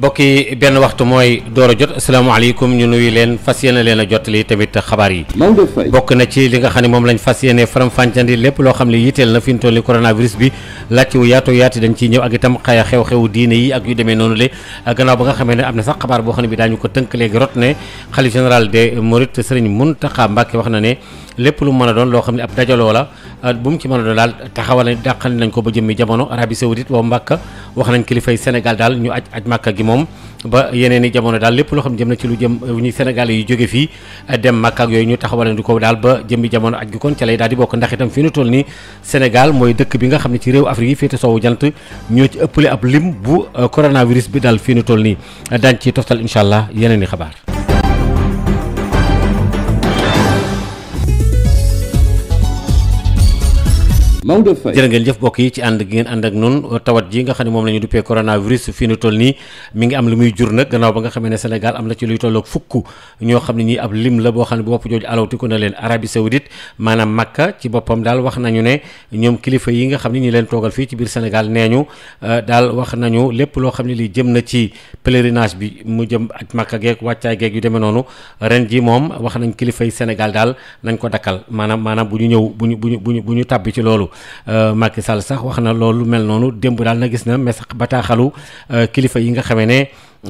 mbokk yi benn waxtu mooy door a jot asalaamaaleykum ñu nuy leen fas yéene leen a jot jottali tamit xabaar yi bokk na ci li nga xam ne moom lañ fas yéene faram-fàccandi lépp loo xam ne yiiteel na fi ñu toll ni coronavirus bi laajte wu yaatoo yaati dañ ciy ñëw ak itam xaya xew-xewu diine yi ak yu demee noonu le gannaaw ba nga xamee ne am na sax xabaar boo xam ne bi daañu ko tënk léegi rot ne xalif général des mourides Serigne Mountakha Mbacké wax na ne lépp lu mën a doon loo xam ne ab dajaloo la euh, bu mu ci mën a doon daal taxawal nañ ko ba jëmmi jamono Arabie Saoudite waa Mbàkka wax nañ kilifay Sénégal daal ñu aj aj Màkka gi moom ba yeneen i jamono daal lépp loo xam ne jëm na ci lu jëm euh, ñu Sénégal yu jóge fii euh, dem Màkka ak yooyu ñu taxawalandi ko daal ba jëmmi jamono aj gi kon ca lay daal di bokk ndax itam fi ñu toll nii Sénégal mooy dëkk bi nga xam ne ci réew Afrique yi féete soowu jant ñoo ci ëppale ab lim bu coronavirus bi daal fi ñu toll nii daañ ci tostal incha allah yeneen i xabaar Maodo Faye jërë ngeen jëf bokk yi ci ànd gi ngeen ànd ak noonu tawat ji nga xam ne moom la ñu duppee coronavirus fii nu toll nii mi ngi am lu muy jur nag gannaaw ba nga xamee ne Sénégal am na ci luy tolloog fukk ñoo xam ne ñii ab lim la boo xam ne bopp jooju alawtiku na leen Arabie Saoudite maanaam Makka ci boppam daal wax nañu ne ñoom kilifa yi nga xam ne ñi leen toogal fii ci biir Sénégal nee ñu euh, daal wax nañu lépp loo xam ne li jëm na ci pèlerinage bi mu jëm ak Makka geeg wàccaay geeg demee noonu ren ji moom wax nañ kilifa Sénégal daal nañ ko dakkal maanaam maanaam bu ñu ñëw bu ñu bu ñu bu ñu tàbbi ci loolu Euh, Macky Sall sax wax na loolu mel noonu démb daal na gis na mais bataaxalu euh, kilifa yi nga xamee ne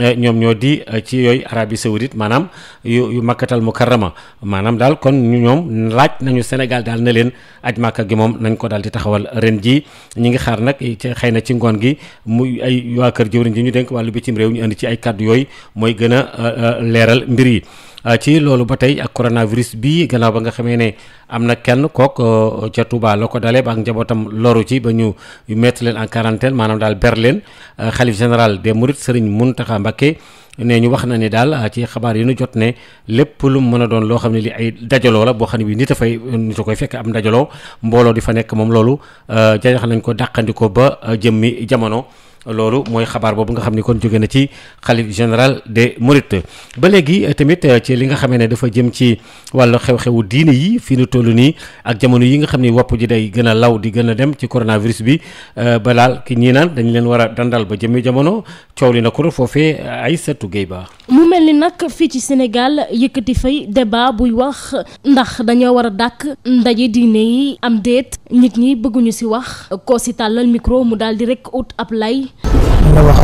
euh, ñoom ñoo di ci yooyu Arabie Saoudite maanaam yu yu makkatal mukarrama maanaam daal kon ñu ñoom laaj nañu Sénégal daal na leen aj màkka gi moom nañ ko daal di taxawal ren jii ñi ngi xaar nag xëy na ci ngoon gi mu ay waa kër jëwriñ ji ñu dénk wàllu bitim réew ñu indi ci ay kàddu yooyu mooy gën a leeral mbir yi Euh, ci loolu ba tey ak coronavirus bii gannaaw ba nga xamee ne am na kenn kook euh, ca Touba la ko dalee ba ak njabootam loru ci ba ñu metti leen en quarantaine maanaam daal ber leen euh, xalif général des Mourides Serigne Mountakha Mbacké ne ñu wax na ni daal ci xabaar yi nu jot ne lépp lu mu mën a doon loo xam ne li ay dajaloo la boo xam ne bi nit a fay nit a koy fekk am dajaloo mbooloo di fa nekk moom loolu jajax nañ ko dàqandikoo ba jëmmi jamono loolu mooy xabaar boobu nga xam ni kon jóge na ci xalif général de mourides ba léegi eh, tamit eh, ci li nga xamee ne dafa jëm ci wàllu xew-xewu diine yi fii nu toll nii ak jamono yi nga xam ni wopp ji day gën law di gën a dem ci coronavirus bi eh, ba laal ki ñii naan dañ leen war a dandal ba jëmmi jamono coow li na ko foofee ay sëtu géey ba mu mel ni nag fii ci Sénégal yëkkati fay débat buy wax ndax dañoo war a dàkk ndaje diine yi am déet nit ñi bëgguñu si wax koo si micro mu daal di rek ut ab lay bi. dina wax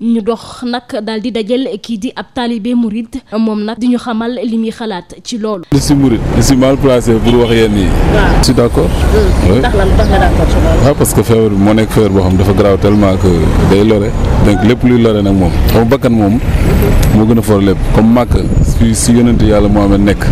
mm. dox nag daal di dajal kii di ab taalibe Mouride moom nag di ñu xamal li muy xalaat ci loolu. li si Mouride li si mal placé pour wax yenn yi. si d' waaw mm. ah, parce que feebar bi moo nekk feebar boo xam dafa garaaw tellement que day lore donc lépp luy lore nag moom xam bakkan moom moo gën a for lépp comme màkk si si yonent yàlla moo Muhammad nekk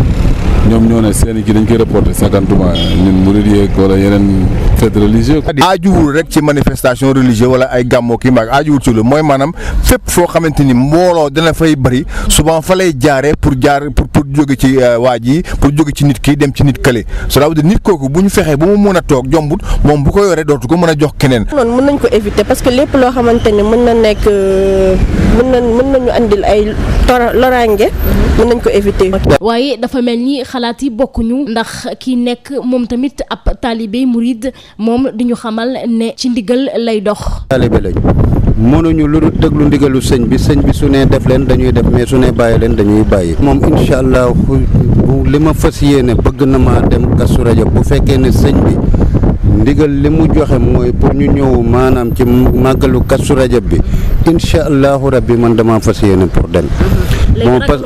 ñoom ñoo ne seen i kii dañ koy reporté cinquante mois ñun Mouride yeeg wala yeneen. fête religieuse. aajuwul rek ci manifestation religieuse wala ay gàmmoo kii maag aajuwul ci lu mooy maanaam fépp foo xamante ni mbooloo dana fay bëri souvent fa lay jaaree pour jaar pour pour jóge ci euh, waa ji pour jóge ci nit kii dem ci nit kële cela veut dire nit kooku bu ñu fexee ba mu mën a toog jombut moom bu ko yoree dootu ko mën a jox keneen. noonu mën nañ ko éviter parce que lépp loo xamante ni mën na nekk euh, mën nañu andil ay loraange mën nañ ko éviter. waaye dafa mel ni xalaat yi bokkuñu ndax kii nekk moom tamit ab taalibe murid moom di ñu xamal ne ci ndigal lay dox. taalibe lañ mënuñu lu déglu ndigalu sëñ bi sëñ bi su nee def leen dañuy def mais su nee bàyyi leen dañuy bàyyi. moom incha allah li ma fas yéene bëgg na maa dem Kazu Rajab bu fekkee ne sëñ bi. ndigal li mu joxe mooy pour ñu ñëw maanaam ci màggalu kastu Rajab bi incha allahu rabbi man dama fas yéene pour dem. bon parce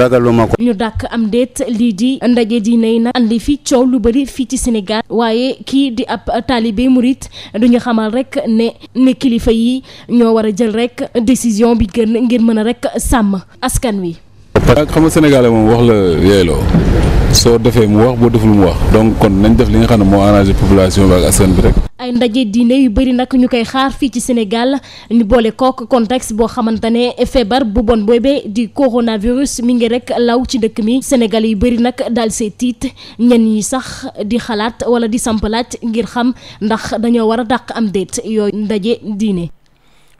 ragaluma ko. ñu dàkk am déet lii di ndaje di nay na andi fi coow lu bëri fii ci Sénégal waaye kii di ab taalibe murit duñu xamal rek ne ne kilifa yi ñoo war a jël rek décision bi gën ngir mën a rek sàmm askan wi. parce que xam nga moom wax la yeeloo soo defee mu wax boo deful mu wax donc kon nañ def li nga xam ne moo arrangé population bi ak askan bi rek. ay ndaje diine yu bëri nag ñu koy xaar fii ci Sénégal ñu boole kook contexte boo xamante ne feebar bu bon boobee di coronavirus mi ngi rek law ci dëkk mi Sénégal yu bëri nag dal see tiit ñenn ñi sax di xalaat wala di sampalaat ngir xam ndax dañoo war a dàq am déet yooyu ndaje diine.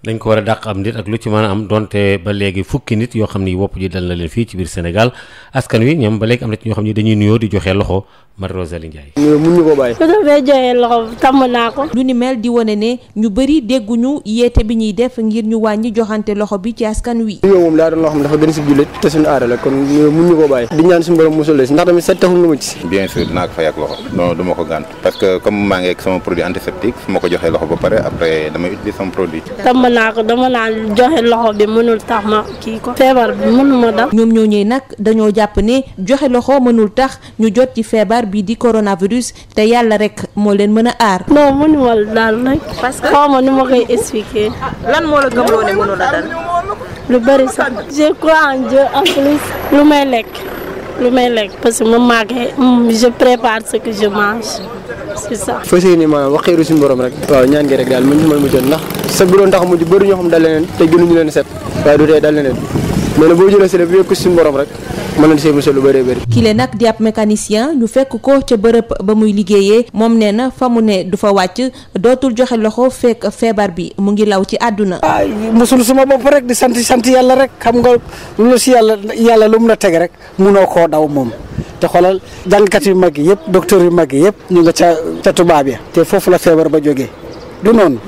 dañ ko war a dàq am nit ak lu ci mën a am donte ba léegi fukki nit yoo xam ni wopp ji dal na leen fii ci biir Sénégal askan wi ñoom ba lekk am na ci ñoo xam ni dañuy nuyoo di joxe loxo Marie Rosalie Ndiaye. mun ñu ko bàyyi. su dee joxe loxo tàmm naa ko. ñu bëri dégguñu ñu wàññi joxante loxo bi ci askan wi. la kon mun ñu ko bàyyi. di ñaan suñu borom musul si ndax tamit set taxul nu ma ci. bien sûr dinaa ma ko gànt parce dama naan joxe loxo bi mënul tax ma kii ko. feebar bi mënuma dal. ñoom ñooñee nag dañoo jàpp ne joxe loxo mënul tax ñu jot ci feebar bi di coronavirus te yàlla rek moo leen mën a aar. non mënuma la daal nag. parce que ma nu ma koy moo la gëmloo ne mënu la lu bëri sax. je crois en en plus. lu may lekk lu may lekk parce que ma màggee mm, je prépare ce que je mange. c'est ça. fas yéene maanaam wax xeeru suñu borom rek. waaw ñaan gi rek daal man man ma jot ndax. sa bu doon tax mujj bëri ñoo xam dal leneen te gënuñu leen set. waaye du tee dal leneen. mais nag boo jëlee si rek yokk suñu borom rek mën na see musal lu bëree bëri. kile nag di ab mécanicien ñu fekk ko ca bërëb ba muy liggéeyee moom nee na fa mu ne du fa wàcc dootul joxe loxo fekk feebar bi mu ngi law ci àdduna. ah musul suma bopp rek di sant sant yàlla rek xam nga lu si yàlla yàlla lu mun a teg rek munoo koo daw moom. te xoolal jàngkat yu mag yi yëpp docteur yu mag yi yëpp ñu nga ca ca tubaab ya te foofu la feebar ba jógee du noonu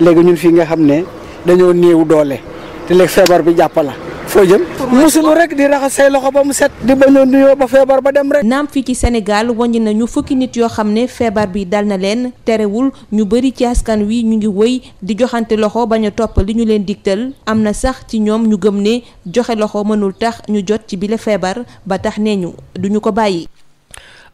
léegi ñun fii nga xam ne dañoo néew doole feebar bi jàpp foo jëm musulu rek di raxas say loxo ba mu set di bañ a ba feebar ba dem rek. naam fii ci Sénégal wàññi nañu fukki nit yoo xam ne feebar bi dal na leen terewul ñu bëri ci askan wi ñu ngi woy di joxante loxo bañ a topp li ñu leen digtal am na sax ci ñoom ñu gëm ne joxe loxo mënul tax ñu jot ci bile feebar ba tax nee ñu duñu ko bàyyi.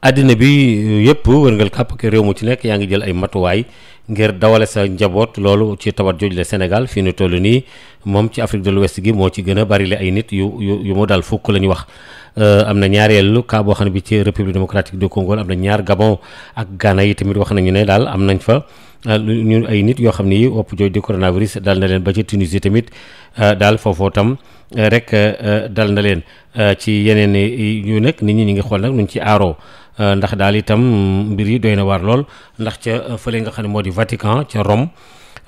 àddina bi yëpp wërngal kàpp réew mu ci nekk yaa ngi jël ay matuwaay. ngir dawale sa njaboot loolu ci tawat jooju la Sénégal fii nu toll nii moom ci Afrique de l'Ouest gi moo ci gën a bari la ay nit yu yu yu mu daal fukk la ñu wax euh, am na ñaareelu cas boo xam ne bi ci République démocratique du Congo am na ñaar Gabon ak Ghana yi tamit wax nañu ne daal am nañ fa euh, ñu ay nit yoo xam ne yi wopp jooju di coronavirus dal na leen ba ci Tunisie tamit euh, daal foofoo tam rek dal na leen ci yeneen yu nekk nit ñi ñu ngi xool nag nuñ ci aaroo Euh, ndax daal itam mbir yi doy na waar lool ndax ca euh, fële nga xam ne moo di Vatican ca Rome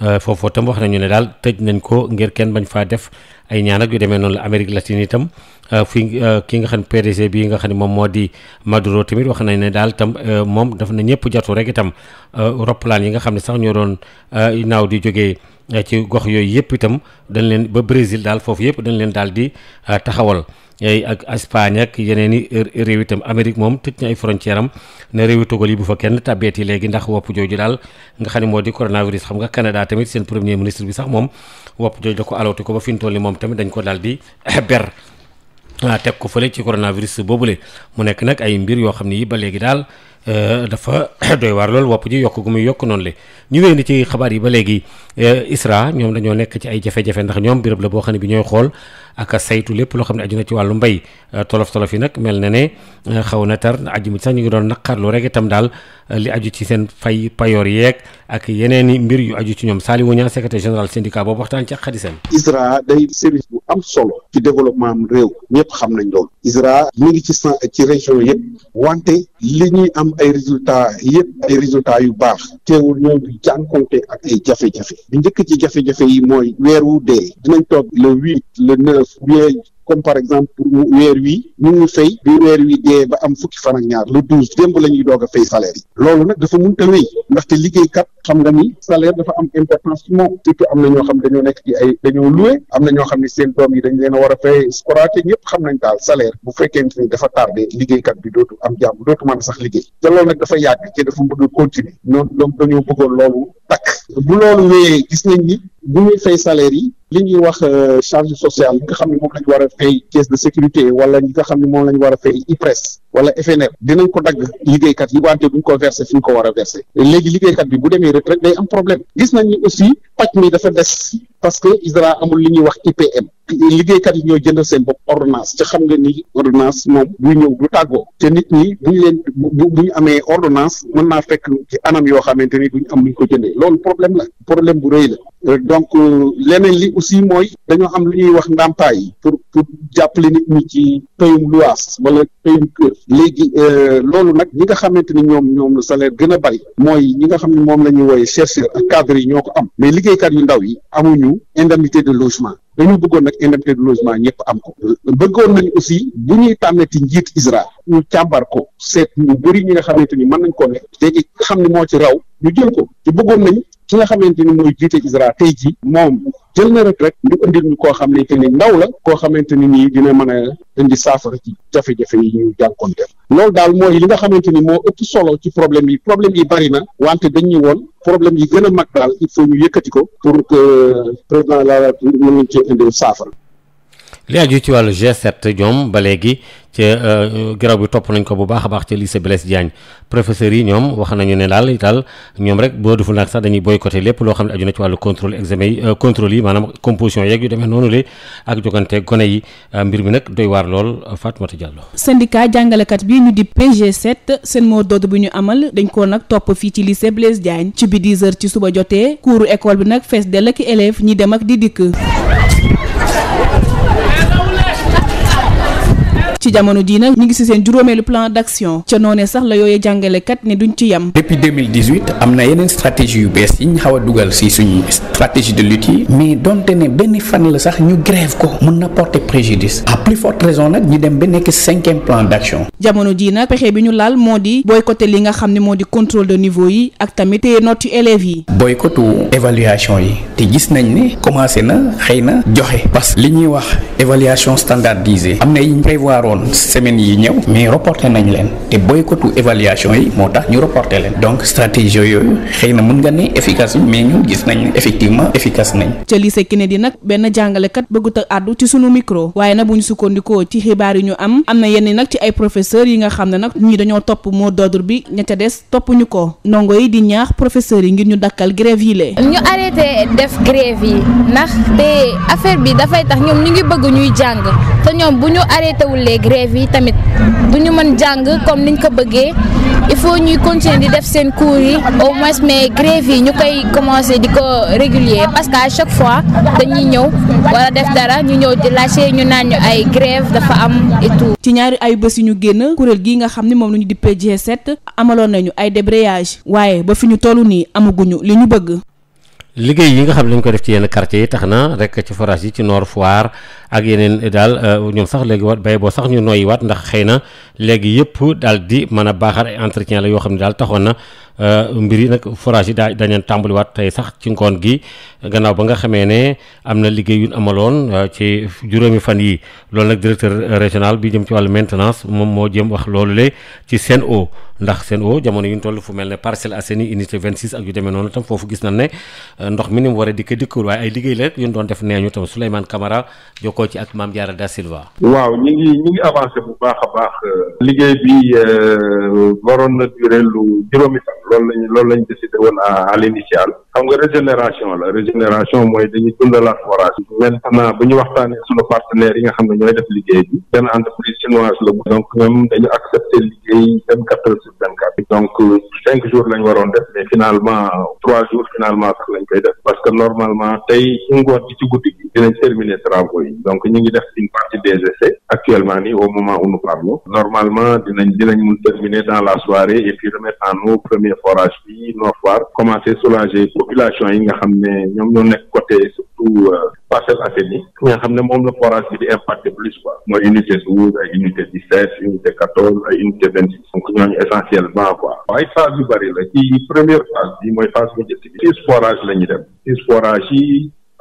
euh, foofu tam wax nañu ne daal tëj nañ ko ngir kenn bañ faa def ay ñaan yu demee noonu la itam fii ki nga xam ne PDG bii nga xam ne moom moo di Maduro tamit wax nañ ne daal tam moom daf na ñëpp jatu rek itam roppalaan yi nga xam ne sax ñoo doon naaw di jógee ci gox yooyu yëpp itam dañ leen ba Brésil daal foofu yëpp dañ leen daal di taxawal. ay ak Espagne ak yeneen i réew itam Amérique moom tëj na ay frontière am na réewi tugal yi bu fa kenn tàbbeeti léegi ndax wopp jooju daal nga xam ne moo di coronavirus xam nga Canada tamit seen premier ministre bi sax moom wopp jooju da ko alawti ko ba fi ñu toll moom tamit dañ ko daal di ber ah, teg ko fële ci coronavirus le mu nekk nag ay mbir yoo xam ne yi ba léegi daal Euh, dafa doy waar loolu wopp ji yokk gu muy yokk noonu le ñu we ni ci xabaar yi ba léegi euh, ISRA ñoom dañoo nekk ci ay jafe-jafe ndax ñoom béréb la boo xam ne bi ñooy xool ak saytu lépp loo xam ne aju ne ci wàllu mbay euh, tolof tolof yi nag mel na ne xaw na tar aju mi sax ñu ngi doon naqarlu rek itam daal li aju ci seen fay payoor yeek ak yeneen i mbir yu aju ci ñoom Saliou Niang secrétaire général syndicat boobu waxtaan ci xadiseen ISRA day service bu am solo ci développement réew ñëpp xam nañ loolu ISRA mu ngi ci san ci région yëpp wante li ñuy am ay résultats yëpp ay résultats yu baax teewul ñoom di jànkonte ak ay jafe-jafe bi njëkk ci jafe-jafe yi mooy weer wu dee dinañ toog le huit le neuf comme par exemple weer wi mun ñu fay bi weer wi dee ba am fukki fan ñaar le douze démb la ñuy doog a fay salaire yi loolu nag dafa mun ta wéy ndaxte xam nga ni salaire dafa am importance na ñoo xam dañoo nekk ci ay dañoo loué am na ñoo xam ne seen doom yi dañ leen a war a fay scoraté ñëpp xam nañ daal salaire bu fekkente ni dafa tardé kat bi dootu am jàmm dootu mën a sax liggéey te loolu nag dafa yàgg te dafa bëgg a continuer noonu donc dañoo bëggoon loolu takk bu loolu wéyee gis nañ ni bu ñuy fay salaire yi li ñuy wax euh, charge sociale yi nga xam ne moom la ñu war a fay caisse de sécurité wala ñi nga xam ne moom la ñu war a fay IPRES wala FNR dinañ ko dagg liggéeykat yi wante duñ ko versé fi ñu ko war a versé léegi liggéeykat bi bu demee retraite day am problème gis nañ ni aussi pàcc parce que ISRA amul li ñuy wax IPM liggéeykat yi ñoo jëndal seen bopp ordonnance te xam nga ni ordonnance moom buy ñëw du tàggoo te nit ñi bu ñu leen bu ñu amee ordonnance mën naa fekk ci anam yoo xamante ni duñ am luñ ko jëndee loolu problème la problème bu rëy la euh, donc euh, leneen li aussi mooy dañoo am lu ñuy wax ndàmpaay pour pour jàppale nit ñi ci payum luwaas wala payum kër léegi euh, loolu nag ñi nga xamante ni ñoom ñoom la salaire gën a bari mooy ñi nga xam ne moom la ñuy wooye chercheur ak cadre yi ñoo ko am mais liggéeykat yu ndaw yi amuñu indemnité de logement dañu bëggoon nag indemnité de logement ñëpp am ko bëggoon nañ aussi bu ñuy tànnati njiit ISRA ñu càmbar ko seet ñu bëri ñi nga xamante ni mën nañ ko nekk léegi xam ni moo ci raw ñu jël ko te bëggoon nañ ki nga xamante ni mooy jiite ISRA tey ji moom jël na rek rek ñu indil koo xam ne ni ndaw la koo xamante ni nii dina mën a indi saafara ci jafe-jafe yi ñu jànkonteel loolu daal mooy li nga xamante ni moo ëpp solo ci problème yi problème yi bari na wante dañu woon problème yi gën a mag daal il faut ñu yëkkati ko pour que euh, président de la République mën nañ indi saafara. li aju ci wàllu G7 ñoom ba léegi ca euh, garab bi topp nañ ko bu baax a baax ca lycée Blaise Diagne professeurs yi ñoom wax nañu ne daal daal ñoom rek boo defu naag sax dañuy boycotté lépp loo xam ne aju na ci wàllu contrôle examen yi euh, contrôle yi maanaam composition yeeg yu demee noonu le ak jogante gone yi euh, mbir mi nag doy waar lool Fatoumata Diallo syndicat jàngalekat bi ñu di PG7 seen mot d'ordre bu ñu amal dañ ko nag topp fii ci lycée Blaise Diagne ci bi 10 ci suba jotee kuuru école bi nag fees dell ak élèves ñi dem ak di dikk ci jamono jii nag ñu ngi si seen juróomeelu plan d'action ca noonee sax la yooyee jàngalekat ne duñ ci yem. depuis 2018 am na yeneen stratégie yu bees yi ñu xaw dugal si suñu stratégie de lutte yi mais donte ne benn fan la sax ñu grève ko mun na porter préjudice à plus forte raison nag ñu dem ba nekk cinquième plan d'action. jamono jii nag pexe bi ñu laal moo di boycotter li nga xam ne moo di contrôle de niveau yi ak tamit te notes yu élèves yi. boycottu évaluation yi te gis nañ ne commencé na xëy na joxe parce que li ñuy wax évaluation standardisée am waroon semaine yi ñëw mais reporté nañ leen te boycottu évaluation yi moo tax ñu reporté leen donc stratégie yooyu xëy na mën nga ne efficace mais ñun gis nañ ne effectivement efficace nañ. ca lycée Kennedy nag benn jàngalekat bëggut a àddu ci sunu waaye nag bu ñu sukkandikoo ci xibaar yi ñu am am na yenn nag ci ay professeurs yi nga xam ne nag ñii dañoo topp mot d'ordre bi ña ca des topp ñu ko ndongo yi di ñaax professeurs yi ngir ñu dakkal grève yi lee ñu arrêté def grève yi ndax te affaire bi dafay tax ñoom ñu ngi bëgg ñuy jàng te yeeg grève yi tamit du ñu mën jàng comme ni ñu ko bëggee il faut ñuy continuer di def seen cours yi au moins mais grève yi ñu koy commencer di ko régulier parce que chaque fois dañuy ñëw wala def dara ñu ñëw di lâché ñu naan ñu ay grève dafa am et ci ñaari ay bés yu ñu génn kuréel gii nga xam ne moom la ñu di G7 amaloon nañu ay débrayage waaye ba fi ñu toll nii amaguñu li ñu bëgg. liggéey yi nga xam ne dañ ko def ci yenn quartier yi tax na rek ci forage yi ci Nord Foire ak yeneen daal euh, ñoom sax léegi waat bay boo sax ñu noyyi waat ndax xëy na léegi yëpp daal di mën a baaxal ay entretien la yoo xam ne daal taxoon na Euh, mbir yi nag forage yi daa dañeen tàmbaliwaat tey sax ci ngoon gi gannaaw ba nga xamee ne am na liggéey yu amaloon euh, ci juróomi fan yi loolu nag directeur régional bi jëm ci wàllu maintenance moom moo jëm wax loolu le ci o ndax Sen'Eau jamono yu toll fu mel ne Parcelles Assainies unité ak yu demee noonu tam foofu gis nañ ne euh, ndox mi war a dikk dikkul waaye ay liggéey la rek yu ñu doon def nee ñu tam Souleymane Camara jokkoo ci ak Mame Diarra Da Silva. waaw ñu ngi ñu ngi avancé a lool lañu loolu lañu décidé woon à l'initial xam nga régénération la régénération mooy dañuy dundalaat forage maintenant bu ñu waxtaanee suñu partenaires yi nga xam ne ñooy def liggéey bi benn entreprise chinoise la donc ñoom dañu accepter liggéey vingt quatre heures sur vingt quatre donc cinq jours lañ waroon def mais finalement trois jours finalement sax lañ koy def parce que normalement tey ci ngoon ci guddi gi dinañ terminer travaux yi donc ñu ngi def une partie des essais actuellement forage bi Nord Foire commencé soulager population yi nga xam ne ñoom ñoo nekk côté surtout euh, Parcelles Assainies yi nga xam ne moom la forage bi di impacté plus quoi mooy unité douze ay unité dix sept unité quatorze ay unité vingt six donc ñooñu essentiellement quoi waaye phase yu bëri la ci première phase bi mooy phase bu njëkk bi six forage la ñu dem six forage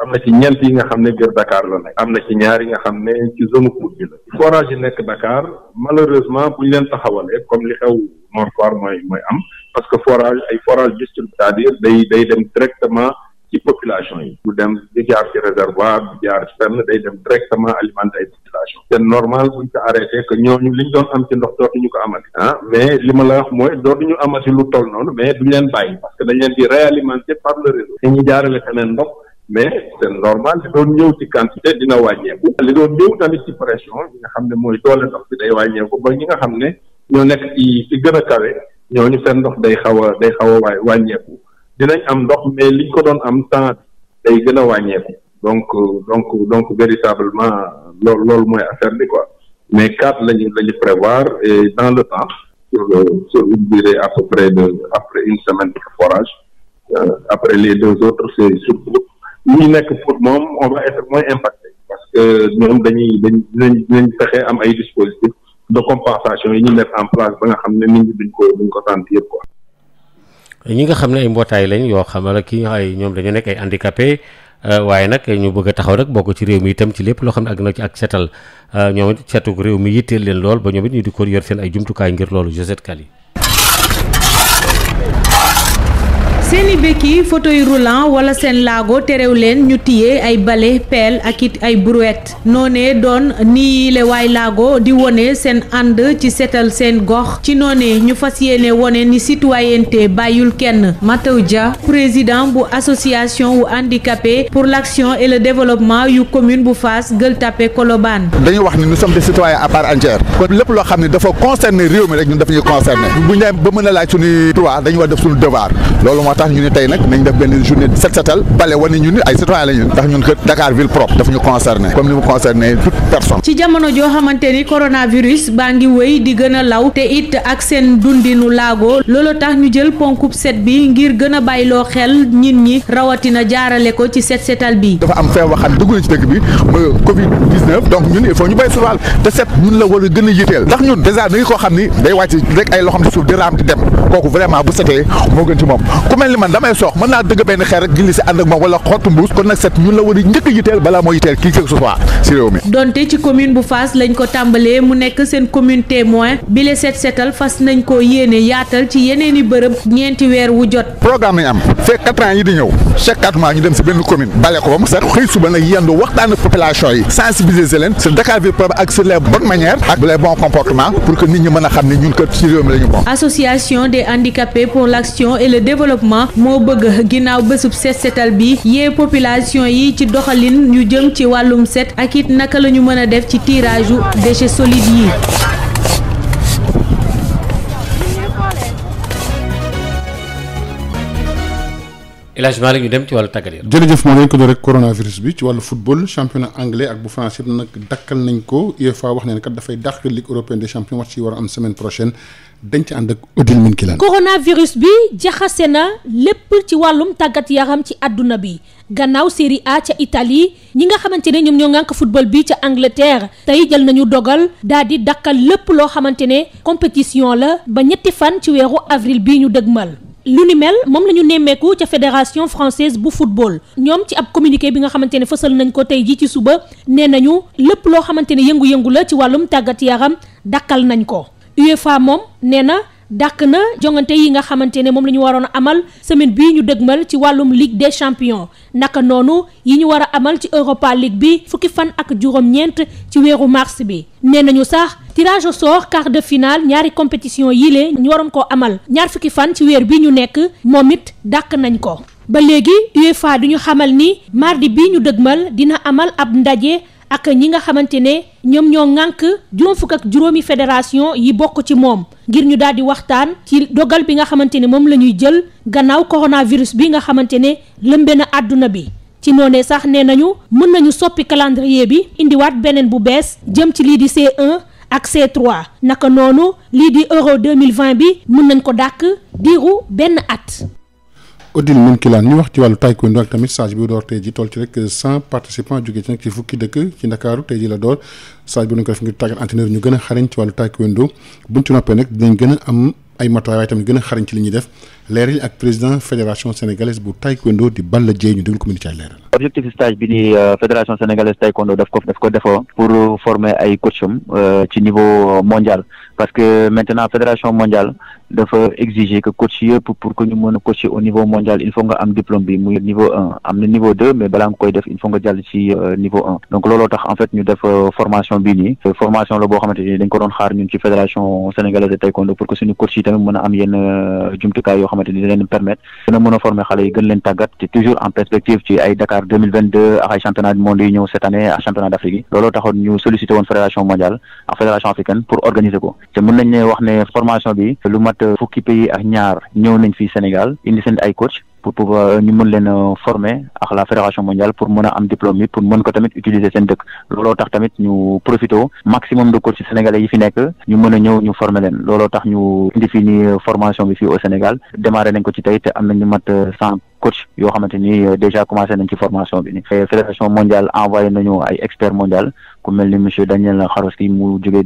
am na ci ñeent yi nga xam ne biir Dakar la nekk am na ci ñaar yi nga xam ne ci zone cour bi la forage yi nekk Dakar malheureusement bu ñu leen taxawalee comme li xew Nord Foire mooy mooy am parce que forage ay forage district cest à day day dem directement ci population yi du dem di jaar ci réservoir di jaar ci day dem directement alimenter ay population c'est normal buñ ko ñoo ñu li ñu doon am ci ndox ñu ko amati ah mais li ma la wax mooy dootuñu amati lu toll noonu mais duñ leen bàyyi parce leen di réalimenter par le réseau te ñu jaarale feneen ndox mais c'est normal li doon ñëw ci quantité dina wàññeeku li doon ñëw tamit ci pression li nga xam ne mooy doole ndox bi day wàññeeku ba ñi nga xam ne ñoo nekk ci ci gën a kawe ñooñu seen ndox day xaw a day xaw a waay wàññeeku dinañ am ndox mais liñ ko doon am sant day gën a wàññeeku donc euh, donc donc véritablement loolu loolu mooy affaire bi quoi mais quatre lañu la ñu prévoir et dans le temps sur le euh, sur une durée à peu près de après une semaine de forage euh, après les deux autres c'est ñi nekk Pout moom on va être moins impacté parce que ñoom dañuy dañ dinañ am ay dispositifs de compensation yi ñu mettre en place ba nga xam ne nit ñi duñ ko duñ ko ñi nga xam ne ay mbootaay lañ yoo xam ne ki ay ñoom dañu nekk ay handicapé euh, waaye nag ñu bëgg a taxaw rek bokk ci réew mi itam ci lépp loo xam ne ak na ci ak setal euh, ñoom it setuk réew mi yitteel leen lool ba ñoom it ñu di ko yor seen ay jumtukaay ngir loolu Josette Kaly seeni békki fauteuil roulant wala seen laago terew leen ñu tiye ay bale peel ak it ay brouette noonee doon nii le waay laago di wone seen ànd ci seetal seen gox ci noonee ñu fas yéene wone ni citoyenneté bàyyul kenn Mataw Dia président bu association wu handicapé pour l'action et le développement yu commune bu Fass Gueule Tapée Colobane dañu wax ni nous sommes des citoyens à part kon lépp loo xam ne dafa concerné réew mi rek ñun daf ñuy concerné bu ñu ba mën a laaj suñuy droit dañu war def suñu tax ñu ne tey nag nañ def benn journée set setal bale wane ñu ni ay citoyen la ñu ndax ñun kët Dakar ville propre daf ñu concerné comme ni mu concerné toute personne. ci jamono joo xamante ni coronavirus baa ngi wéy di gën a law te it ak seen dundinu laago loolu tax ñu jël ponkub set bi ngir gën a xel nit ñi rawatina jaarale ko ci set setal bi. dafa am feebar xam dugg na ci dëkk bi mooy Covid 19 donc ñun il ñu béy suwaal te set ñun la war a gën a yiteel ndax ñun koo xam ni day wàcc rek ay loxoom ci suuf di raam di dem kooku vraiment bu setee mel ni man damay soox mën naa dëgg benn xeer rek glissé ànd ak moom wala xottu mbuus kon nag set ñun la war a njëkk yiteel balaa moo yiteel kii que ce soit si réew mi donte ci commune bu Fass lañ ko tàmbalee mu nekk seen commune témoin bi set setal fas nañ koo yéene yaatal ci yeneeni bërëb ñeenti weer wu jot programme nañ am fekk quatre ans yi di ñëw chaque quatre mois ñu dem si benn commune bale ko ba mu set xëy suba nag yendu waxtaan ak yi sensibiliser a xam mouvement moo bëgg ginnaaw bésub set setal bi yee population yi ci doxalin ñu jëm ci wàllum set ak it naka la ñu mën a def ci tirage u déchets solides yi Elage Malick ñu dem ci wàllu tàggat yaram. jërëjëf moom lañ ko doon rek coronavirus bi ci wàllu football championnat anglais ak bu France yëpp nag dakkal nañ ko UEFA wax ne kat dafay dàq ligue européenne des champions wax ci war a am semaine prochaine. dañ ci ànd ak Odile mun coronavirus bi jaxase na lépp ci wàllum tàggat yaram ci àdduna bi gannaaw série A ca Italie ñi nga xamante ne ñoom ñoo ngànk football bi ca Angleterre tey jël nañu dogal daal di dakkal lépp loo xamante ne compétition la ba ñetti fan ci weeru avril bii ñu dëgmal. lu ni mel moom la ñu nemmeeku ca fédération française bu football ñoom ci ab communiqué bi nga xamante ne fësal nañ ko tey jii ci suba nee nañu lépp loo xamante ne yëngu-yëngu la ci wàllum tàggat yaram dakkal nañ ko. UEFA moom nee na dàq na jongante yi nga xamante ne moom la ñu waroon a amal semaine bii ñu dëgmal ci wàllum ligue de champion naka noonu yi ñu war a amal ci Europa League bi fukki fan ak juróom-ñeent ci weeru mars bi nee nañu sax tirage au sort quart de finale ñaari compétition yii ñu waroon ko amal ñaar fukki fan ci weer bi ñu nekk moom it dàq nañ ko. ba léegi UEFA du ñu xamal ni mardi bi ñu dëgmal dina amal ab ndaje. ak ñi nga xamante ne ñoom ñoo ŋànk juróom fukk juróomi fédération yi bokk ci moom ngir ñu daal di waxtaan ci dogal bi nga xamante ne moom la ñuy jël gannaaw coronavirus bi nga xamante ne lëmbe na àdduna bi ci noonee sax nee nañu mën nañu soppi calendrier bi indiwaat beneen bu bees jëm ci lii di C1 ak c naka noonu lii di euro 2020 bi mën nañ ko dàq diiru benn at Odile Minkilaan ñu wax ci wàllu taekwondo ak tamit stage bi door tey ji toll ci rek cent participants jóge ci nag ci fukki dëkk ci Ndakaaru tey ji la door stage bi nañ ko def ngir tàggat entraîneur ñu gën a xarañ ci wàllu taekwondo buñ ci noppee nag dinañ gën a am ay matuwaay waaye tamit gën a xarañ ci li ñuy def leeral ak président fédération sénégalaise bu taekwondo di Balla Dieye ñu déglu ko mën ci ay leeral objectif stage bi ni euh, fédération sénégalaise taekwondo ko daf ko defoo pour former ay coachum euh, ci niveau parce que maintenant fédération mondiale dafa exiger que coach yëpp pour que ñu mën a coacher au niveau mondial il faut nga am diplôme bi muy niveau un am na niveau deux mais balaa nga koy def il faut nga jàll ci euh, niveau un donc looloo tax en fait ñu def euh, formation bii nii euh, formation la boo dañ ko doon xaar ñun ci fédération sénégalaise de pour que suñu coach yi tamit mën a am yenn jumtukaay yoo xamante ni dina leen permettre gën mën a former xale yi gën leen tàggat te toujours en perspective mat fukki pays ak ñaar ñëw nañ fii Sénégal indi seen ay coach pour pouvoir euh, ñu mën leen euh, former ak la fédération mondiale pour mën a am diplôme yi pour mën ko tamit utiliser seen dëkk looloo tax tamit ñu profito maximum de coach sénégalais yi fi nekk ñu mën a ñëw ñu former leen looloo tax ñu indi fii nii euh, formation bi fii au Sénégal démarré nañ ko ci tey te am nañu mat cent coach yoo xamante déjà commencé nañ ci formation bi fédération mondiale envoyé nañu ay expert mondial ku mel ni monsieur Daniel Kharoski mu jógee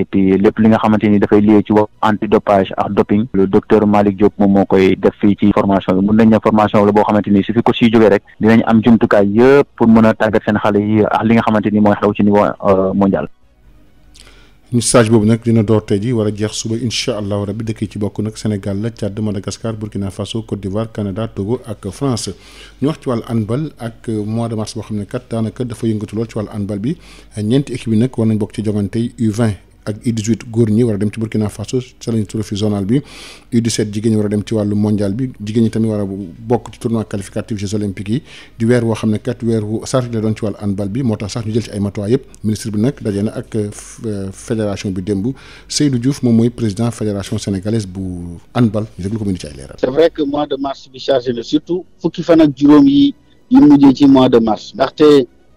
et puis lépp li nga xamante ni dafay lié ci wax antidopage ak doping le docteur Malick Diop moom moo koy def fii ci formation bi mun nañ ne formation la boo xamante ni su fi ko siy jógee rek dinañ am jumtukaay yëpp pour mën a tàggat seen xale yi xamante ni mooy xew ci niveau euh, boobu nag dina door tey war a jeex suba incha allahu rabi dëkk ci bokk nag Sénégal la Tchad Madagascar Burkina Faso Côte d'Ivoire Canada Togo ak France ñu wax ci wàllu ak U18 góor ñi war dem ci Burkina Faso challenge trophy zonal bi U17 jigéen ñi war a dem ci wàllu mondial bi jigéen ñi tamit war bokk ci tournoi qualificatif Jeux olympiques yi di weer woo xam ne kat weer wu sarti la doon ci wàllu handball bi moo tax sax ñu jël ci ay matuwaay yëpp ministre bi nag daje na ak euh, euh, fédération bi démb Seydou Diouf moom mooy président fédération sénégalaise bu handball ñu déglu ko mu indi ci ay leeral. c'est vrai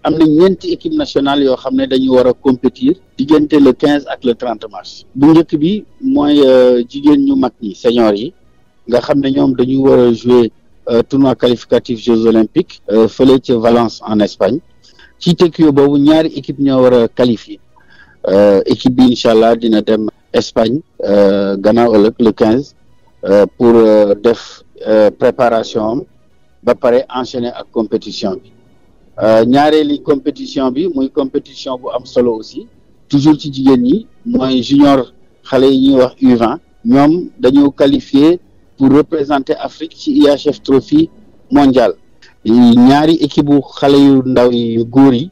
am na ñeenti équipe nationale yoo xam ne dañu war a compétir diggante le quinze ak le trente mars bu njëkk bi mooy euh, jigéen ñu mag ñi senior yi nga xam ne ñoom dañu war a jouer euh, tournoi qualificatif Jeux olympiques euh, fële ca Valence en Espagne ci Tokyo boobu ñaari équipe ñoo war a qualifier équipe bi incha allah dina dem Espagne gannaaw ëllëg le quinze pour def préparation ba pare enchaîner ak compétition bi Euh, ñaareeli compétition bi muy compétition bu am solo aussi toujours ci jigéen ñi mooy junior xale yi ñuy wax u ñoom dañu qualifié pour représenter Afrique ci chef Trophy mondial ñaari équipe bu xale yu ndaw yi góor yi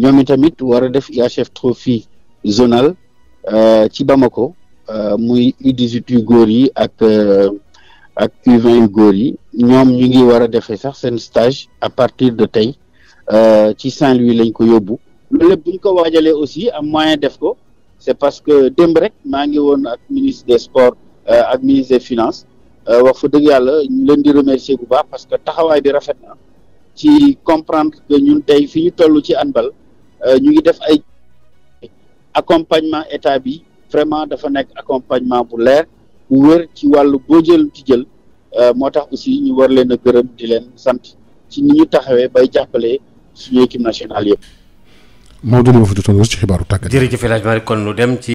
ñoom itamit war a def IHF Trophy zonal euh, ci Bamako euh, muy U18 yu góor yi ak ak U20 yu góor yi ñoom ñu ngi war a defee sax seen stage à partir de tey Euh, ci Saint-Louis lañ ko yóbbu loolu lépp bu ñu ko waajalee aussi am moyen def ko c'est parce que démb rek maa ngi woon ak ministre des sports euh, ak ministre des euh, wax fa dëgg yàlla ñu leen di remercier bu baax parce que taxawaay bi rafet na ci comprendre que ñun tey fi ñu toll ci handball ñu ngi def ay accompagnement état bi vraiment dafa nekk accompagnement bu leer bu wër ci wàllu boo jël ci jël moo tax aussi ñu war leen a gërëm di leen sant ci ni ñu taxawee bay jàppale suñu équipe nationale yëpp. Maodo li ma fa jotoon wax ci xibaaru tàggat. jërëjëf El Hadj Malick kon lu dem ci.